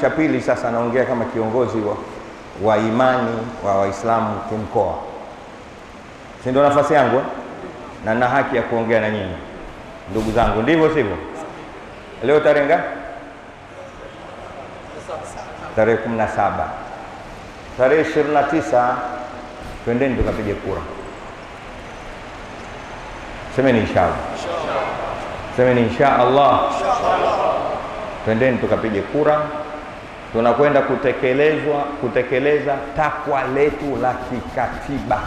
cha pili sasa anaongea kama kiongozi wa, wa imani wa Waislamu kimkoa, si ndio nafasi yangu eh? na na haki ya kuongea na nyinyi ndugu zangu, ndivyo sivyo? Leo tarehe ngapi? Tarehe kumi na saba. Tarehe ishirini na tisa twendeni tukapige kura. Semeni inshallah, semeni insha Allah, twendeni tukapige kura tunakwenda kutekelezwa kutekeleza takwa letu la kikatiba,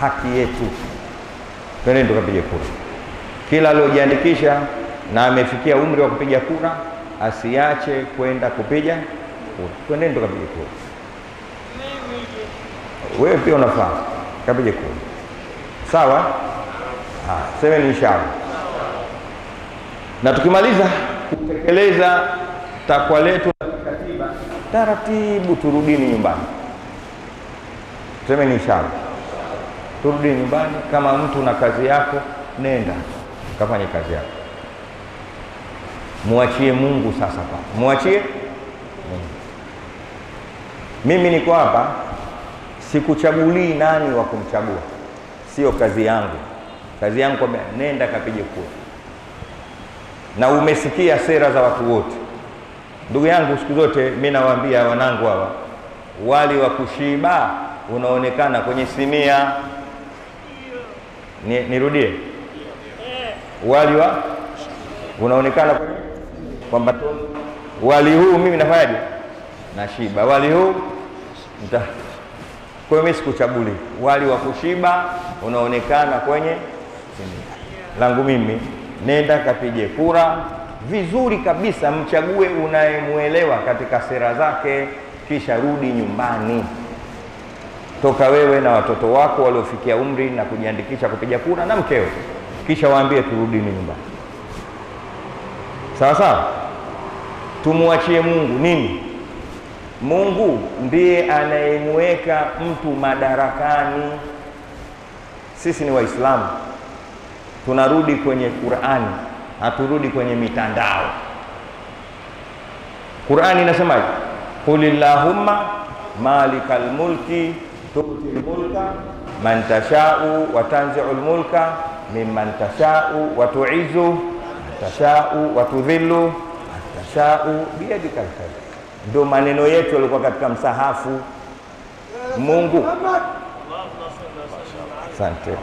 haki yetu. Twendeni tukapiga kura. Kila aliyojiandikisha na amefikia umri wa kupiga kura asiache kwenda kupiga kura. Twendeni tukapiga kura. Wewe pia unafaa kapiga kura, sawa? Semeni inshallah, na tukimaliza kutekeleza takwa letu la kikatiba, taratibu turudini nyumbani, tuseme ni ishara, turudini nyumbani. Kama mtu na kazi yako, nenda kafanye kazi yako, mwachie Mungu sasa pa mwachie Mungu. Mimi niko hapa, sikuchagulii nani wa kumchagua, sio kazi yangu. Kazi yangu kwamba nenda kapige kura, na umesikia sera za watu wote Ndugu yangu, siku zote mimi nawaambia wanangu hawa, wali wa kushiba unaonekana kwenye simia. Ni, nirudie, wali wa unaonekana kwamba wali huu mimi nafanyaje, nashiba wali huu nta kwa mimi sikuchaguli. Wali wa kushiba unaonekana kwenye simia langu mimi, nenda kapige kura vizuri kabisa, mchague unayemwelewa katika sera zake, kisha rudi nyumbani. Toka wewe na watoto wako waliofikia umri na kujiandikisha kupiga kura na mkeo, kisha waambie turudini nyumbani. Sawa sawa, tumwachie Mungu nini? Mungu ndiye anayemweka mtu madarakani. Sisi ni Waislamu, tunarudi kwenye Qur'ani haturudi kwenye mitandao. Qur'ani inasemaje? Qulillahumma malikal mulki tu'til mulka man tasha'u wa tanzi'ul mulka mimman tasha'u wa tuizu man tasha'u wa tudhillu man tasha'u biyadikal khair. Ndio maneno yetu yalikuwa katika msahafu Mungu Asante. Eh?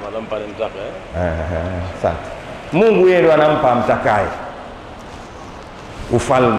Asante. Mungu yeye ndo anampa amtakaye ufalme.